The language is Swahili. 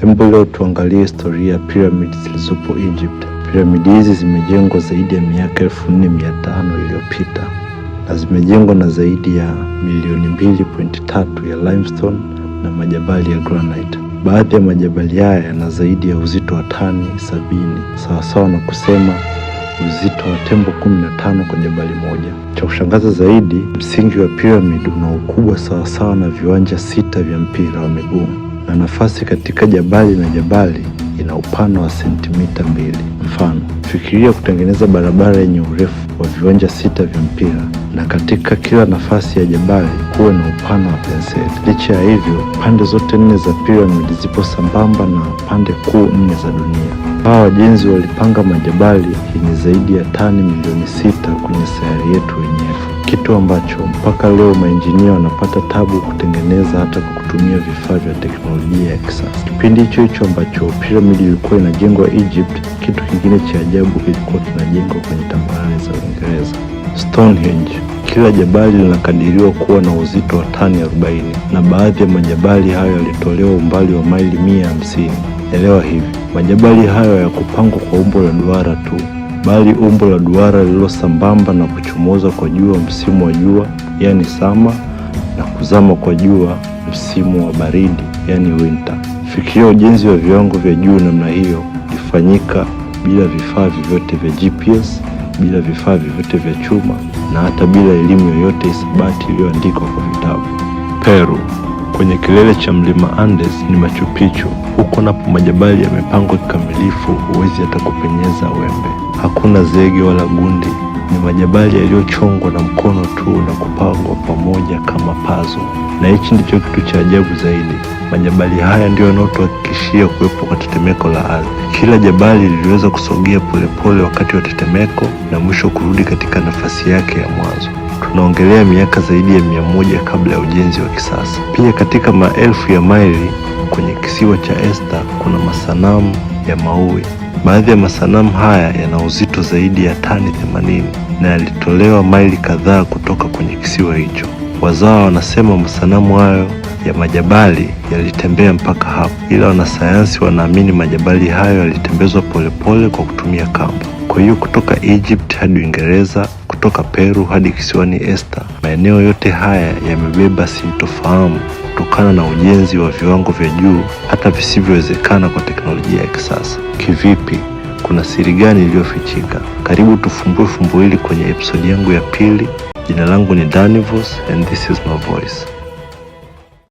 Hebu leo tuangalie historia ya piramidi zilizopo Egypt. Piramidi hizi zimejengwa zaidi ya miaka elfu nne mia tano iliyopita na zimejengwa na zaidi ya milioni mbili pointi tatu ya limestone na majabali ya granite. Baadhi ya majabali haya yana zaidi ya uzito wa tani sabini sawasawa na kusema uzito wa tembo 15 kwenye jabali moja. Cha kushangaza zaidi, msingi wa piramidi una ukubwa sawasawa na viwanja sita vya mpira wa miguu na nafasi katika jabali na jabali ina upana wa sentimita mbili. Mfano, fikiria kutengeneza barabara yenye urefu wa viwanja sita vya mpira na katika kila nafasi ya jabali kuwe na upana wa penseli. Licha ya hivyo, pande zote nne za piramidi zipo sambamba na pande kuu nne za dunia. Hawa wajenzi walipanga majabali yenye zaidi ya tani milioni sita kwenye sayari yetu wenyewe kitu ambacho mpaka leo maenjinia wanapata tabu kutengeneza hata kwa kutumia vifaa vya teknolojia ya kisasa. Kipindi hicho hicho ambacho piramidi ilikuwa inajengwa Egypt, kitu kingine cha ajabu kilikuwa kinajengwa kwenye tambarare za Uingereza, Stonehenge. Kila jabali linakadiriwa kuwa na uzito wa tani 40 na baadhi ya majabali hayo yalitolewa umbali wa maili 150 Elewa hivi, majabali hayo hayakupangwa kwa umbo la duara tu bali umbo la duara lililosambamba sambamba na kuchomoza kwa jua msimu wa jua, yani sama, na kuzama kwa jua msimu wa baridi, yani winter. Fikiria ujenzi wa viwango vya juu namna hiyo ulifanyika bila vifaa vyovyote vya GPS, bila vifaa vyovyote vya chuma na hata bila elimu yoyote isabati iliyoandikwa kwa vitabu. Peru, kwenye kilele cha mlima Andes ni Machu Picchu. Huko napo majabali yamepangwa kikamilifu, huwezi hata kupenyeza wembe. Hakuna zege wala gundi, ni majabali yaliyochongwa na mkono tu na kupangwa pamoja kama pazo. Na hichi ndicho kitu cha ajabu zaidi, majabali haya ndiyo yanayotuhakikishia kuwepo kwa tetemeko la ardhi. Kila jabali liliweza kusogea polepole wakati wa tetemeko na mwisho kurudi katika nafasi yake ya mwanzo. Tunaongelea miaka zaidi ya mia moja kabla ya ujenzi wa kisasa. Pia katika maelfu ya maili kwenye kisiwa cha Esta kuna masanamu ya maue Baadhi ya masanamu haya yana uzito zaidi ya tani 80 na yalitolewa maili kadhaa kutoka kwenye kisiwa hicho. Wazawa wanasema masanamu hayo ya majabali yalitembea mpaka hapo, ila wanasayansi wanaamini majabali hayo yalitembezwa polepole kwa kutumia kamba. Kwa hiyo kutoka Egypt hadi Uingereza, kutoka Peru hadi kisiwani Esta, maeneo yote haya yamebeba sintofahamu kutokana na ujenzi wa viwango vya juu hata visivyowezekana kwa teknolojia ya kisasa. Kivipi? Kuna siri gani iliyofichika? Karibu tufumbue fumbo hili kwenye episodi yangu ya pili. Jina langu ni Danivos and this is my voice.